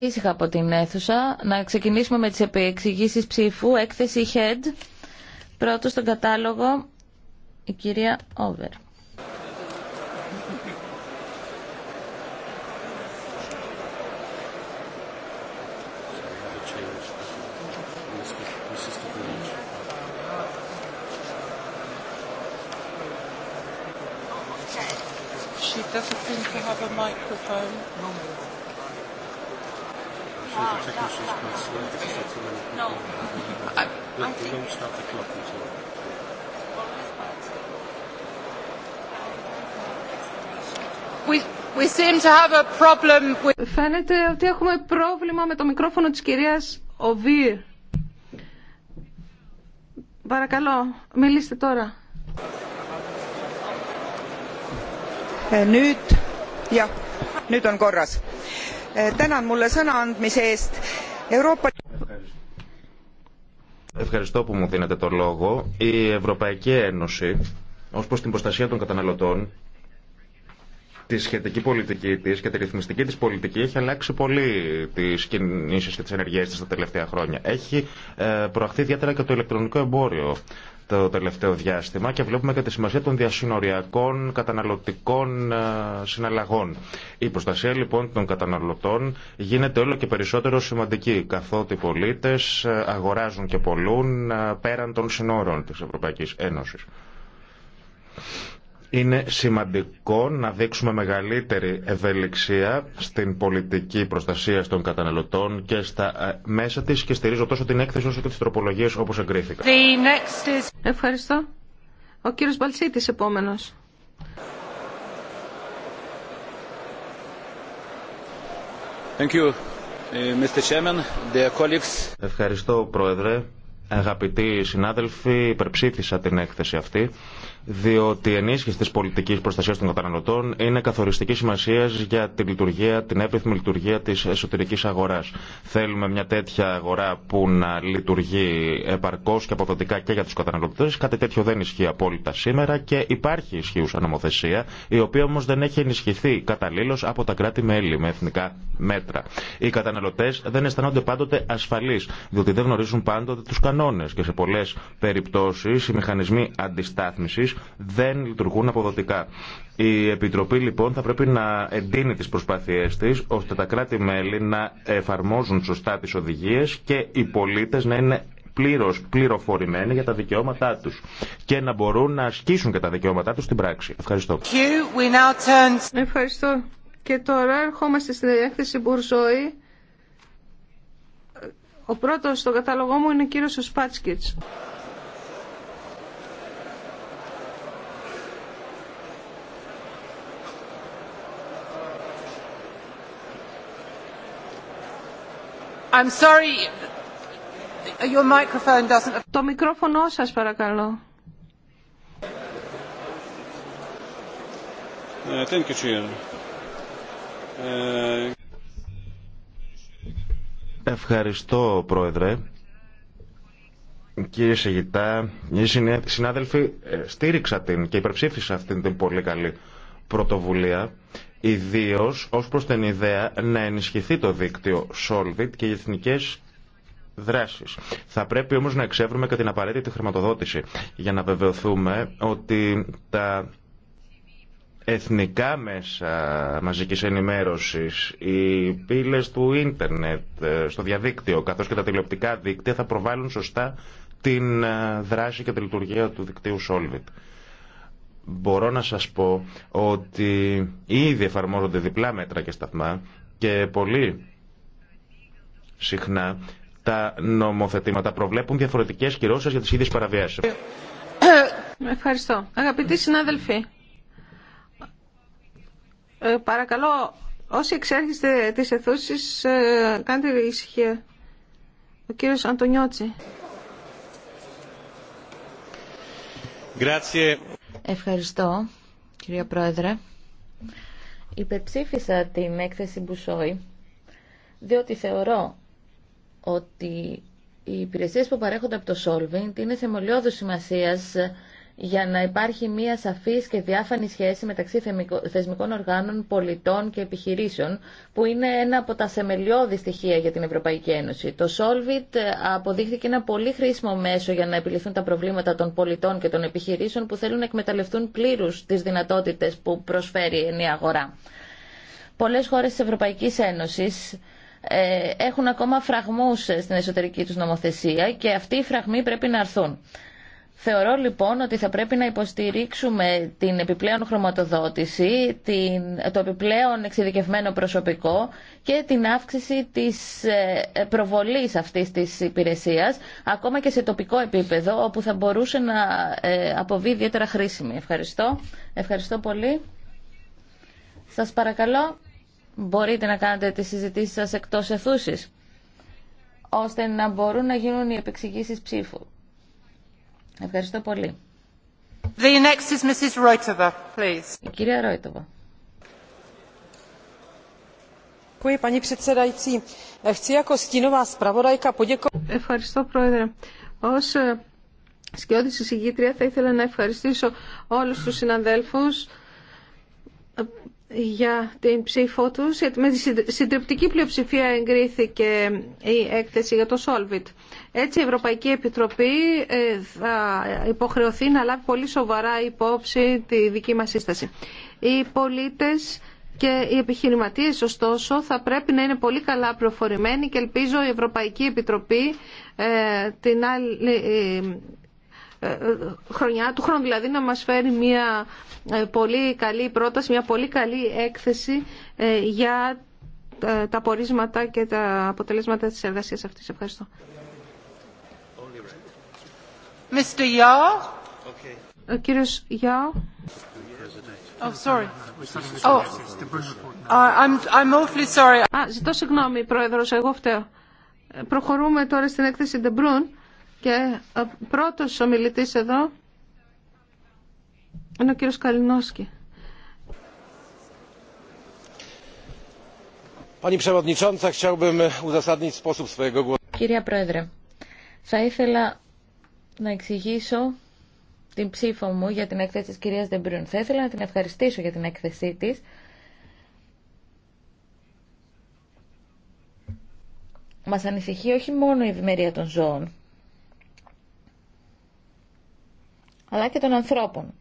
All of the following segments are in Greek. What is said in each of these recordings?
ήσυχα από την αίθουσα. Να ξεκινήσουμε με τις επεξηγήσεις ψήφου. Έκθεση HEAD. Πρώτο στον κατάλογο η κυρία Όβερ. Φαίνεται ότι έχουμε πρόβλημα με το μικρόφωνο της κυρίας Οβίρ. Παρακαλώ, μιλήστε τώρα. Ε, ja, Νύτ on ε, Ευχαριστώ που μου δίνετε το λόγο. Η Ευρωπαϊκή Ένωση ως προς την προστασία των καταναλωτών τη σχετική πολιτική της και τη ρυθμιστική της πολιτική έχει αλλάξει πολύ τις κινήσει και τι ενεργές τη τα τελευταία χρόνια. Έχει ε, προαχθεί ιδιαίτερα και το ηλεκτρονικό εμπόριο το τελευταίο διάστημα και βλέπουμε και τη σημασία των διασυνοριακών καταναλωτικών ε, συναλλαγών. Η προστασία λοιπόν των καταναλωτών γίνεται όλο και περισσότερο σημαντική, καθότι οι πολίτες ε, αγοράζουν και πολλούν ε, πέραν των συνόρων της Ευρωπαϊκής Ένωσης. Είναι σημαντικό να δείξουμε μεγαλύτερη ευελιξία στην πολιτική προστασία των καταναλωτών και στα ε, μέσα της και στηρίζω τόσο την έκθεση όσο και τις τροπολογίες όπως εγκρίθηκαν. Ευχαριστώ. Ο κύριος Μπαλσίτης επόμενος. Thank you, ε, Mr. Chairman, colleagues. Ευχαριστώ, Πρόεδρε. Αγαπητοί συνάδελφοι, υπερψήφισα την έκθεση αυτή, διότι η ενίσχυση τη πολιτική προστασία των καταναλωτών είναι καθοριστική σημασία για την λειτουργία, την λειτουργία τη εσωτερική αγορά. Θέλουμε μια τέτοια αγορά που να λειτουργεί επαρκώ και αποδοτικά και για του καταναλωτέ. Κάτι τέτοιο δεν ισχύει απόλυτα σήμερα και υπάρχει ισχύουσα νομοθεσία, η οποία όμω δεν έχει ενισχυθεί καταλήλω από τα κράτη-μέλη με εθνικά μέτρα. Οι καταναλωτέ δεν αισθάνονται πάντοτε ασφαλεί, διότι δεν γνωρίζουν πάντοτε του κανόνε και σε πολλέ περιπτώσεις οι μηχανισμοί αντιστάθμισης δεν λειτουργούν αποδοτικά. Η Επιτροπή λοιπόν θα πρέπει να εντείνει τις προσπάθειές της ώστε τα κράτη-μέλη να εφαρμόζουν σωστά τις οδηγίες και οι πολίτες να είναι πλήρως πληροφορημένοι για τα δικαιώματά τους και να μπορούν να ασκήσουν και τα δικαιώματά τους στην πράξη. Ευχαριστώ. Ευχαριστώ. Και τώρα ερχόμαστε στην διεύθυνση Μπουρζόη. Ο πρώτος στο κατάλογό μου είναι ο κύριος Σπάτσκιτς. I'm sorry. Your microphone doesn't... Το μικρόφωνο σας παρακαλώ. Ε, thank you, ε, Ευχαριστώ, Πρόεδρε. Κύριε Σεγητά, οι συνάδελφοι ε, στήριξα την και υπερψήφισα αυτήν την πολύ καλή πρωτοβουλία, ιδίω ως προς την ιδέα να ενισχυθεί το δίκτυο Solvit και οι εθνικές δράσεις. Θα πρέπει όμως να εξεύρουμε και την απαραίτητη χρηματοδότηση για να βεβαιωθούμε ότι τα εθνικά μέσα μαζικής ενημέρωσης, οι πύλες του ίντερνετ ε, στο διαδίκτυο καθώς και τα τηλεοπτικά δίκτυα θα προβάλλουν σωστά την ε, δράση και τη λειτουργία του δικτύου Solvit. Μπορώ να σας πω ότι ήδη εφαρμόζονται διπλά μέτρα και σταθμά και πολύ συχνά τα νομοθετήματα προβλέπουν διαφορετικές κυρώσεις για τις ίδιες παραβιάσεις. Ευχαριστώ. Αγαπητοί συνάδελφοι, ε, παρακαλώ, όσοι εξέρχεστε τις αιθούσεις, ε, κάντε ησυχία. Ο κύριος Αντωνιώτση. Ευχαριστώ, κυρία Πρόεδρε. Υπεψήφισα την έκθεση Μπουσόη, διότι θεωρώ ότι οι υπηρεσίες που παρέχονται από το Solving είναι θεμολιώδους σημασίας για να υπάρχει μια σαφής και διάφανη σχέση μεταξύ θεσμικών οργάνων, πολιτών και επιχειρήσεων, που είναι ένα από τα σεμελιώδη στοιχεία για την Ευρωπαϊκή Ένωση. Το Solvit ε, αποδείχθηκε ένα πολύ χρήσιμο μέσο για να επιληθούν τα προβλήματα των πολιτών και των επιχειρήσεων που θέλουν να εκμεταλλευτούν πλήρους τις δυνατότητες που προσφέρει η αγορά. Πολλές χώρες της Ευρωπαϊκής Ένωσης ε, έχουν ακόμα φραγμούς στην εσωτερική τους νομοθεσία και αυτοί οι φραγμοί πρέπει να αρθούν. Θεωρώ λοιπόν ότι θα πρέπει να υποστηρίξουμε την επιπλέον χρωματοδότηση, την, το επιπλέον εξειδικευμένο προσωπικό και την αύξηση της ε, προβολής αυτής της υπηρεσίας, ακόμα και σε τοπικό επίπεδο, όπου θα μπορούσε να ε, αποβεί ιδιαίτερα χρήσιμη. Ευχαριστώ. Ευχαριστώ πολύ. Σας παρακαλώ, μπορείτε να κάνετε τις συζητήσεις σας εκτός αιθούσης, ώστε να μπορούν να γίνουν οι επεξηγήσεις ψήφου. Ευχαριστώ πολύ. The next is Mrs. Reutova, please. Η κυρία Ρόιτοβα. Ευχαριστώ, Πρόεδρε. Ως ε, σκιώδης εισηγήτρια θα ήθελα να ευχαριστήσω όλους τους συναδέλφους για την ψήφο του, Με τη συντριπτική πλειοψηφία εγκρίθηκε η έκθεση για το Solvit. Έτσι η Ευρωπαϊκή Επιτροπή ε, θα υποχρεωθεί να λάβει πολύ σοβαρά υπόψη τη δική μας σύσταση. Οι πολίτες και οι επιχειρηματίες ωστόσο θα πρέπει να είναι πολύ καλά προφορημένοι και ελπίζω η Ευρωπαϊκή Επιτροπή ε, την άλλη ε, ε, ε, χρονιά του χρόνου δηλαδή να μας φέρει μια ε, πολύ καλή πρόταση, μια πολύ καλή έκθεση για τα πορίσματα και τα αποτελέσματα της εργασίας αυτής. Ευχαριστώ. Mr. Yao. Okay. Ο κύριος Yao. Oh, sorry. Oh. I'm, I'm awfully sorry. Α, ζητώ συγγνώμη, Πρόεδρος, εγώ φταίω. Προχωρούμε τώρα στην έκθεση De Bruyne και ο ε, πρώτος ομιλητής εδώ είναι ο κύριος Καλινόσκι. Κυρία Πρόεδρε, θα ήθελα να εξηγήσω την ψήφο μου για την έκθεση της κυρίας Δεμπρούν. Θα ήθελα να την ευχαριστήσω για την έκθεσή της. Μας ανησυχεί όχι μόνο η ευημερία των ζώων, αλλά και των ανθρώπων.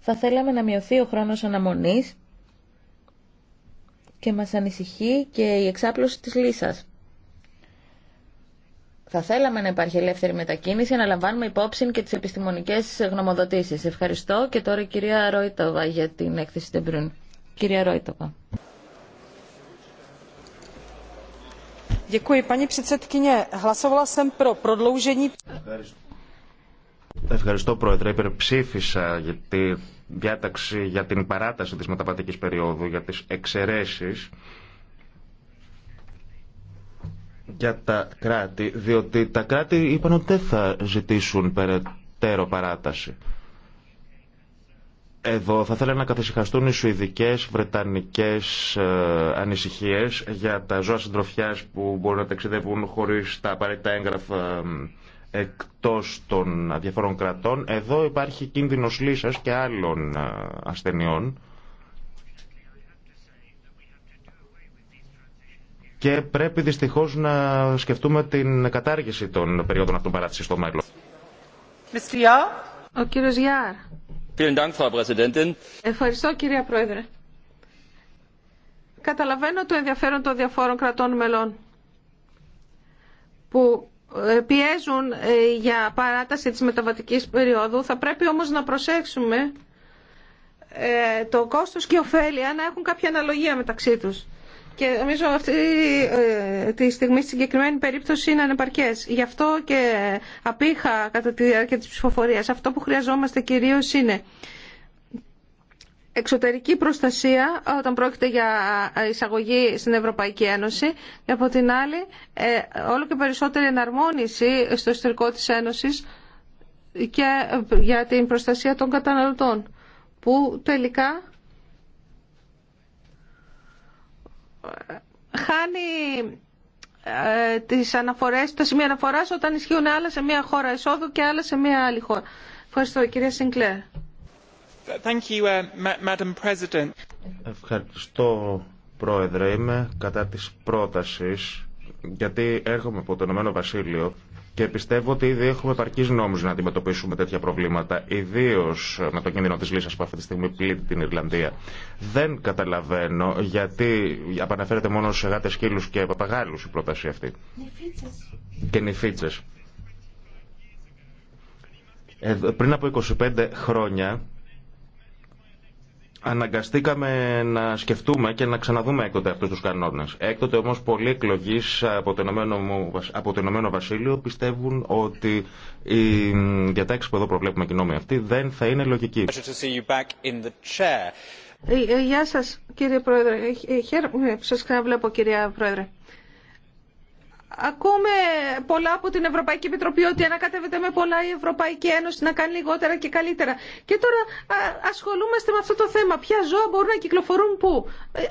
Θα θέλαμε να μειωθεί ο χρόνος αναμονής και μας ανησυχεί και η εξάπλωση της λύσας. Θα θέλαμε να υπάρχει ελεύθερη μετακίνηση, να λαμβάνουμε υπόψη και τις επιστημονικές γνωμοδοτήσεις. Ευχαριστώ και τώρα η κυρία Ρόιτοβα για την έκθεση Τεμπρούν. Κυρία Ρόιτοβα. Ευχαριστώ, Πρόεδρε. Υπερψήφισα για τη διάταξη για την παράταση της μεταβατικής περίοδου, για τις εξαιρέσεις για τα κράτη, διότι τα κράτη είπαν ότι δεν θα ζητήσουν περαιτέρω παράταση. Εδώ θα ήθελα να καθησυχαστούν οι σουηδικές, βρετανικές ε, ανησυχίες για τα ζώα συντροφιάς που μπορούν να ταξιδεύουν χωρίς τα απαραίτητα έγγραφα ε, εκτός των διαφορών κρατών. Εδώ υπάρχει κίνδυνος λύσας και άλλων ε, ασθενειών. Και πρέπει δυστυχώς να σκεφτούμε την κατάργηση των περίοδων αυτών παράτησης στο μέλλον. Ευχαριστώ κυρία Πρόεδρε. Καταλαβαίνω το ενδιαφέρον των διαφόρων κρατών μελών που ε, πιέζουν ε, για παράταση της μεταβατικής περίοδου. Θα πρέπει όμως να προσέξουμε ε, το κόστος και ωφέλεια να έχουν κάποια αναλογία μεταξύ τους. Και νομίζω αυτή ε, τη στιγμή στη συγκεκριμένη περίπτωση είναι ανεπαρκέ. Γι' αυτό και απήχα κατά τη διάρκεια της ψηφοφορία. Αυτό που χρειαζόμαστε κυρίως είναι εξωτερική προστασία όταν πρόκειται για εισαγωγή στην Ευρωπαϊκή Ένωση και από την άλλη ε, όλο και περισσότερη εναρμόνιση στο εσωτερικό της Ένωσης και για την προστασία των καταναλωτών που τελικά χάνει ε, τις αναφορές, τα σημεία αναφοράς όταν ισχύουν άλλα σε μια χώρα εισόδου και άλλα σε μια άλλη χώρα. Ευχαριστώ, κυρία Σινκλέρ. Uh, Ευχαριστώ, Πρόεδρε. Είμαι κατά της πρότασης, γιατί έρχομαι από το Ηνωμένο Βασίλειο και πιστεύω ότι ήδη έχουμε επαρκεί νόμου να αντιμετωπίσουμε τέτοια προβλήματα, ιδίω με το κίνδυνο τη λύσα που αυτή τη στιγμή πλήττει την Ιρλανδία. Δεν καταλαβαίνω γιατί επαναφέρεται μόνο σε γάτε, σκύλου και παπαγάλου η πρόταση αυτή. Και νηφίτσε. Ε, πριν από 25 χρόνια αναγκαστήκαμε να σκεφτούμε και να ξαναδούμε έκτοτε αυτούς τους κανόνες. Έκτοτε όμως πολλοί εκλογείς από το Ηνωμένο, Βασίλειο πιστεύουν ότι η διατάξη που εδώ προβλέπουμε και νόμοι δεν θα είναι λογική. Ε, ε, γεια σας κύριε Πρόεδρε. Ε, χαίρομαι που σας ξαναβλέπω κυρία Πρόεδρε. Ακούμε πολλά από την Ευρωπαϊκή Επιτροπή ότι ανακατεύεται με πολλά η Ευρωπαϊκή Ένωση να κάνει λιγότερα και καλύτερα. Και τώρα ασχολούμαστε με αυτό το θέμα. Ποια ζώα μπορούν να κυκλοφορούν πού. Ε,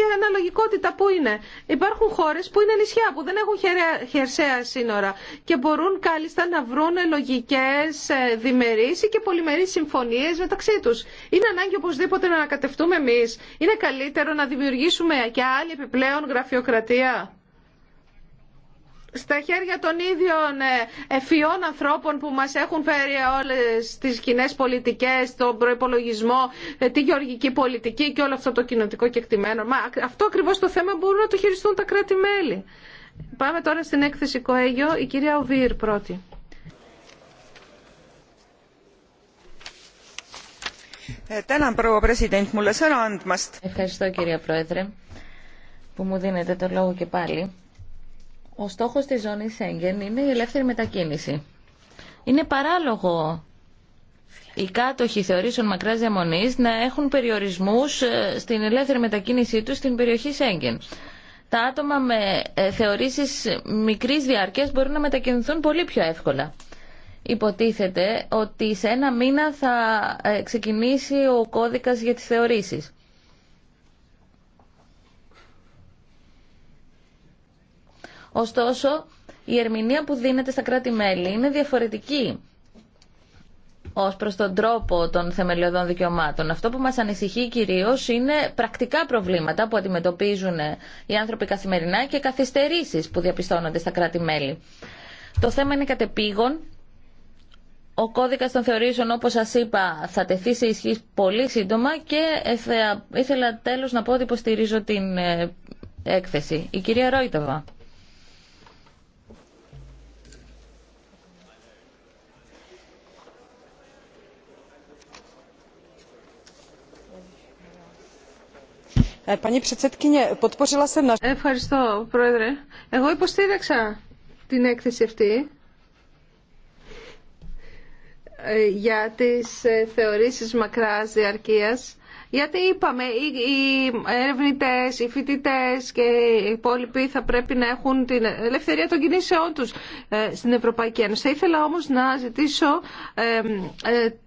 η αναλογικότητα πού είναι. Υπάρχουν χώρες που είναι νησιά, που δεν έχουν χερσαία σύνορα και μπορούν κάλλιστα να βρουν λογικές ε, διμερείς ή και πολυμερείς συμφωνίες μεταξύ τους. Είναι ανάγκη οπωσδήποτε να ανακατευτούμε εμείς. Είναι καλύτερο να δημιουργήσουμε και άλλη επιπλέον γραφειοκρατία στα χέρια των ίδιων ε, ευφυών ανθρώπων που μας έχουν φέρει όλες τις κοινέ πολιτικές, τον προϋπολογισμό, ε, τη γεωργική πολιτική και όλο αυτό το κοινοτικό κεκτημένο. Μα αυτό ακριβώς το θέμα μπορούν να το χειριστούν τα κράτη-μέλη. Πάμε τώρα στην έκθεση Κοέγιο, η κυρία Οβίρ πρώτη. Ε, Ευχαριστώ κυρία Πρόεδρε που μου δίνετε το λόγο και πάλι ο στόχος της ζώνης Σέγγεν είναι η ελεύθερη μετακίνηση. Είναι παράλογο οι κάτοχοι θεωρήσεων μακράς διαμονής να έχουν περιορισμούς ε, στην ελεύθερη μετακίνησή τους στην περιοχή Σέγγεν. Τα άτομα με ε, θεωρήσεις μικρής διάρκειας μπορούν να μετακινηθούν πολύ πιο εύκολα. Υποτίθεται ότι σε ένα μήνα θα ε, ξεκινήσει ο κώδικας για τις θεωρήσεις. Ωστόσο, η ερμηνεία που δίνεται στα κράτη-μέλη είναι διαφορετική ως προς τον τρόπο των θεμελιωδών δικαιωμάτων. Αυτό που μας ανησυχεί κυρίως είναι πρακτικά προβλήματα που αντιμετωπίζουν οι άνθρωποι καθημερινά και καθυστερήσεις που διαπιστώνονται στα κράτη-μέλη. Το θέμα είναι κατεπήγον. Ο κώδικας των θεωρήσεων, όπως σας είπα, θα τεθεί σε ισχύ πολύ σύντομα και ήθελα τέλος να πω ότι υποστηρίζω την ε, έκθεση. Η κυρία Ρόιτοβα. Ε, Ευχαριστώ, Πρόεδρε. Εγώ υποστήριξα την έκθεση αυτή ε, για τις ε, θεωρήσεις μακράς διαρκείας. Γιατί είπαμε, οι ερευνητέ, οι φοιτητέ και οι υπόλοιποι θα πρέπει να έχουν την ελευθερία των κινήσεών του στην Ευρωπαϊκή Ένωση. Θα ήθελα όμω να ζητήσω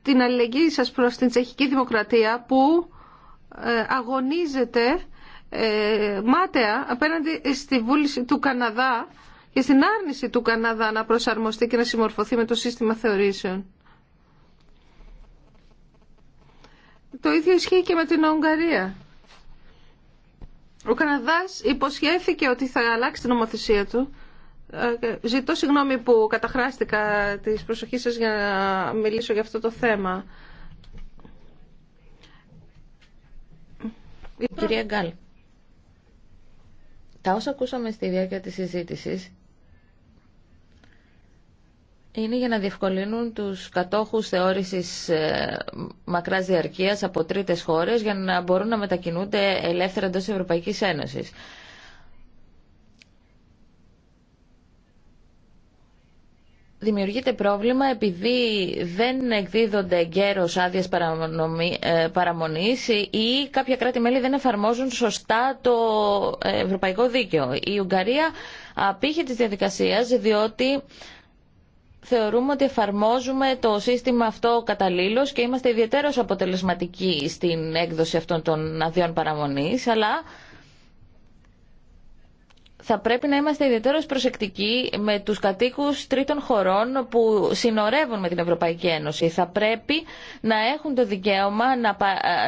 την αλληλεγγύη σα προ την Τσεχική Δημοκρατία που ε, αγωνίζεται ε, μάταια απέναντι στη βούληση του Καναδά και στην άρνηση του Καναδά να προσαρμοστεί και να συμμορφωθεί με το σύστημα θεωρήσεων. Το ίδιο ισχύει και με την Ουγγαρία. Ο Καναδάς υποσχέθηκε ότι θα αλλάξει την νομοθεσία του. Ε, ζητώ συγγνώμη που καταχράστηκα τις προσοχή σας για να μιλήσω για αυτό το θέμα. Η κυρία Γκάλ. Τα όσα ακούσαμε στη διάρκεια της συζήτησης είναι για να διευκολύνουν τους κατόχους θεώρησης ε, μακράς διαρκείας από τρίτες χώρες για να μπορούν να μετακινούνται ελεύθερα εντός Ευρωπαϊκής Ένωσης. δημιουργείται πρόβλημα επειδή δεν εκδίδονται εγκαίρως άδειες ε, παραμονής ή κάποια κράτη-μέλη δεν εφαρμόζουν σωστά το ε, ευρωπαϊκό δίκαιο. Η Ουγγαρία απήχε της διαδικασίας διότι θεωρούμε ότι εφαρμόζουμε το σύστημα τη διαδικασια διοτι θεωρουμε οτι καταλήλως και είμαστε ιδιαίτερως αποτελεσματικοί στην έκδοση αυτών των αδειών παραμονής, αλλά θα πρέπει να είμαστε ιδιαίτερω προσεκτικοί με τους κατοίκους τρίτων χωρών που συνορεύουν με την Ευρωπαϊκή Ένωση. Θα πρέπει να έχουν το δικαίωμα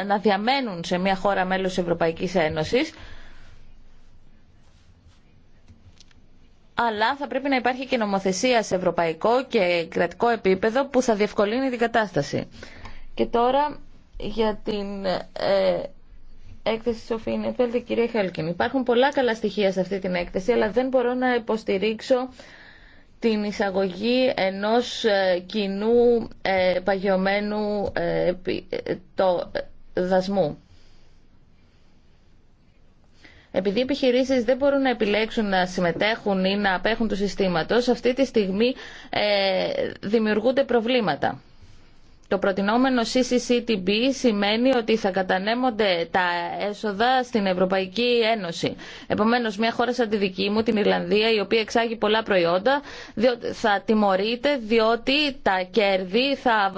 να διαμένουν σε μια χώρα μέλος της Ευρωπαϊκής Ένωσης αλλά θα πρέπει να υπάρχει και νομοθεσία σε ευρωπαϊκό και κρατικό επίπεδο που θα διευκολύνει την κατάσταση. Και τώρα για την ε, έκθεση Σοφή κυρία Υπάρχουν πολλά καλά στοιχεία σε αυτή την έκθεση, αλλά δεν μπορώ να υποστηρίξω την εισαγωγή ενός ε, κοινού ε, παγιωμένου ε, το, δασμού. Επειδή οι επιχειρήσεις δεν μπορούν να επιλέξουν να συμμετέχουν ή να απέχουν του συστήματος, αυτή τη στιγμή δημιουργούνται προβλήματα. Το προτινόμενο CCCTB σημαίνει ότι θα κατανέμονται τα έσοδα στην Ευρωπαϊκή Ένωση. Επομένω, μια χώρα σαν τη δική μου, την Ιρλανδία, η οποία εξάγει πολλά προϊόντα, θα τιμωρείται διότι τα κέρδη θα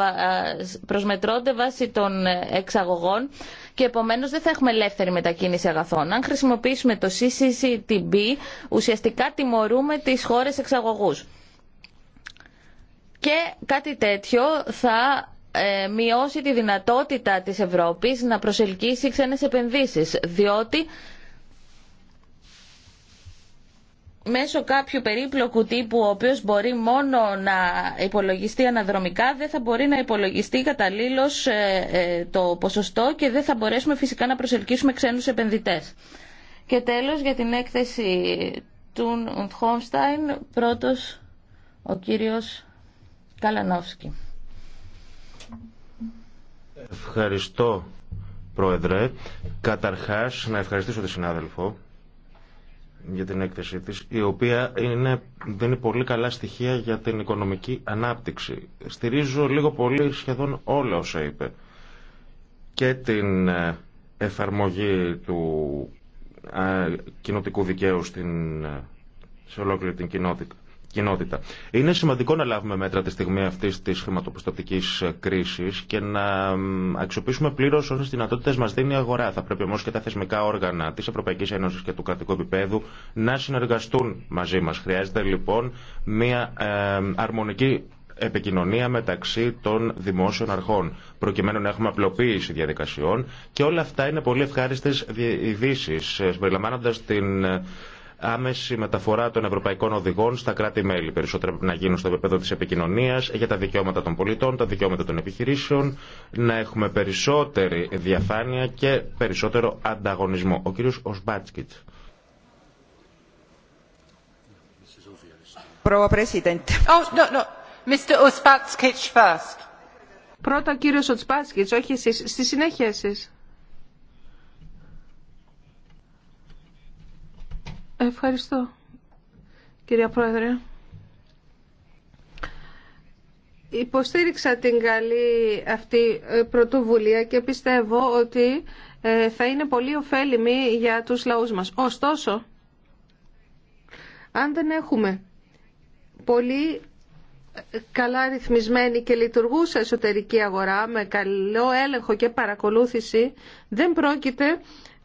προσμετρώνται βάσει των εξαγωγών και επομένω δεν θα έχουμε ελεύθερη μετακίνηση αγαθών. Αν χρησιμοποιήσουμε το CCCTB, ουσιαστικά τιμωρούμε τι χώρε εξαγωγού. Και κάτι τέτοιο θα ε, μειώσει τη δυνατότητα της Ευρώπης να προσελκύσει ξένες επενδύσεις, διότι μέσω κάποιου περίπλοκου τύπου ο οποίος μπορεί μόνο να υπολογιστεί αναδρομικά δεν θα μπορεί να υπολογιστεί καταλήλως ε, ε, το ποσοστό και δεν θα μπορέσουμε φυσικά να προσελκύσουμε ξένους επενδυτές. Και τέλος για την έκθεση του Χόμσταϊν πρώτος ο κύριος Καλανόφσκι. Ευχαριστώ, Πρόεδρε. Καταρχάς, να ευχαριστήσω τη συνάδελφο για την έκθεσή της, η οποία είναι, δίνει πολύ καλά στοιχεία για την οικονομική ανάπτυξη. Στηρίζω λίγο πολύ σχεδόν όλα όσα είπε και την ε, εφαρμογή του ε, κοινοτικού δικαίου στην, ε, σε ολόκληρη την κοινότητα κοινότητα. Είναι σημαντικό να λάβουμε μέτρα τη στιγμή αυτή τη χρηματοπιστωτική ε, κρίση και να αξιοποιήσουμε πλήρω όσε δυνατότητε μα δίνει η αγορά. Θα πρέπει όμω και τα θεσμικά όργανα τη Ευρωπαϊκή Ένωση και του κρατικού επίπεδου να συνεργαστούν μαζί μα. Χρειάζεται λοιπόν μια ε, αρμονική επικοινωνία μεταξύ των δημόσιων αρχών, προκειμένου να έχουμε απλοποίηση διαδικασιών και όλα αυτά είναι πολύ ευχάριστες ειδήσει, ε, συμπεριλαμβάνοντα την άμεση μεταφορά των ευρωπαϊκών οδηγών στα κράτη-μέλη. Περισσότερα να γίνουν στο επίπεδο τη επικοινωνία για τα δικαιώματα των πολιτών, τα δικαιώματα των επιχειρήσεων, να έχουμε περισσότερη διαφάνεια και περισσότερο ανταγωνισμό. Ο κύριος Οσμπάτσκιτ. Oh, Πρώτα ο κύριος όχι εσεί, Στη συνέχεια εσεί. Ευχαριστώ, κυρία Πρόεδρε. Υποστήριξα την καλή αυτή πρωτοβουλία και πιστεύω ότι ε, θα είναι πολύ ωφέλιμη για τους λαούς μας. Ωστόσο, αν δεν έχουμε πολύ ε, καλά ρυθμισμένη και λειτουργούσα εσωτερική αγορά με καλό έλεγχο και παρακολούθηση, δεν πρόκειται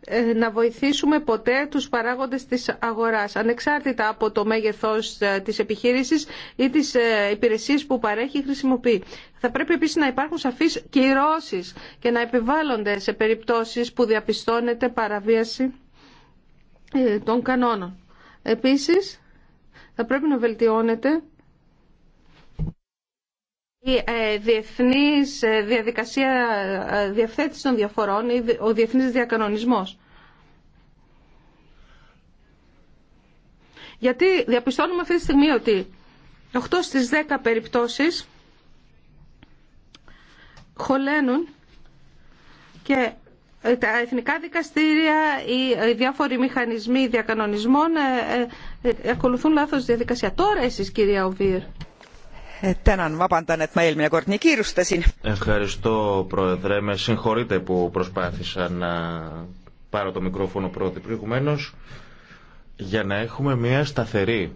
ε, να βοηθήσουμε ποτέ τους παράγοντες της αγοράς, ανεξάρτητα από το μέγεθος ε, της επιχείρησης ή της ε, υπηρεσίας που παρέχει ή χρησιμοποιεί. Θα πρέπει επίσης να υπάρχουν σαφείς κυρώσεις και να επιβάλλονται σε περιπτώσεις που διαπιστώνεται παραβίαση των κανόνων. Επίσης, θα πρέπει να βελτιώνεται η ε, διεθνής ε, διαδικασία ε, διευθέτηση των διαφορών ή ο διεθνής διακανονισμός. Γιατί διαπιστώνουμε αυτή τη στιγμή ότι 8 στις 10 περιπτώσεις χωλαίνουν και τα εθνικά δικαστήρια ή οι διάφοροι μηχανισμοί διακανονισμών ακολουθούν λάθος διαδικασία. Τώρα εσείς κυρία Οβίρ. Ευχαριστώ, Πρόεδρε. Με συγχωρείτε που προσπάθησα να πάρω το μικρόφωνο πρώτη προηγουμένω για να έχουμε μια σταθερή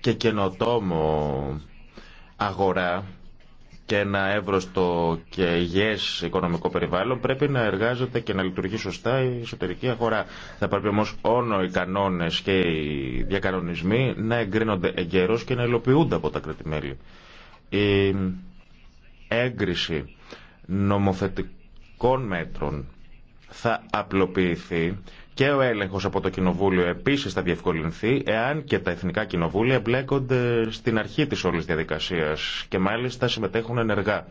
και καινοτόμο αγορά και ένα εύρωστο και υγιές οικονομικό περιβάλλον πρέπει να εργάζεται και να λειτουργεί σωστά η εσωτερική αγορά. Θα πρέπει όμως όνο οι κανόνες και οι διακανονισμοί να εγκρίνονται εγκαίρως και να υλοποιούνται από τα κρατημέλη. Η έγκριση νομοθετικών μέτρων θα απλοποιηθεί και ο έλεγχο από το Κοινοβούλιο επίση θα διευκολυνθεί εάν και τα εθνικά κοινοβούλια μπλέκονται στην αρχή τη όλη διαδικασία και μάλιστα συμμετέχουν ενεργά.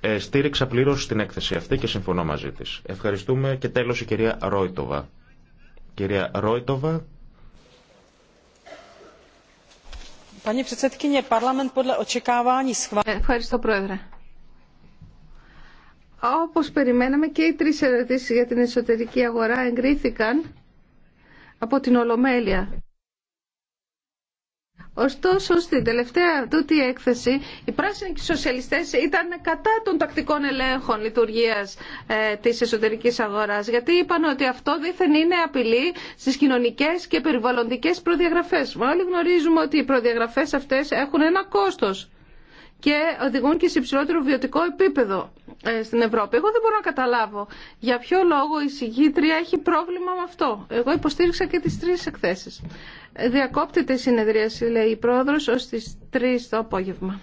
Ε, στήριξα πλήρω την έκθεση αυτή και συμφωνώ μαζί τη. Ευχαριστούμε και τέλο η κυρία Ρόιτοβα. Κυρία Ρόιτοβα. Ε, ευχαριστώ, Πρόεδρε. Όπως περιμέναμε και οι τρεις ερωτήσεις για την εσωτερική αγορά εγκρίθηκαν από την Ολομέλεια. Ωστόσο, στην τελευταία τούτη έκθεση, οι πράσινοι και οι σοσιαλιστές ήταν κατά των τακτικών ελέγχων λειτουργίας ε, της εσωτερικής αγοράς, γιατί είπαν ότι αυτό δήθεν είναι απειλή στις κοινωνικές και περιβαλλοντικές προδιαγραφές. Όλοι γνωρίζουμε ότι οι προδιαγραφές αυτές έχουν ένα κόστος και οδηγούν και σε υψηλότερο βιωτικό επίπεδο. Ε, στην Ευρώπη. Εγώ δεν μπορώ να καταλάβω για ποιο λόγο η συγκήτρια έχει πρόβλημα με αυτό. Εγώ υποστήριξα και τις τρεις εκθέσεις. Διακόπτεται η συνεδρίαση, λέει η πρόεδρος, ως τις 3 το απόγευμα.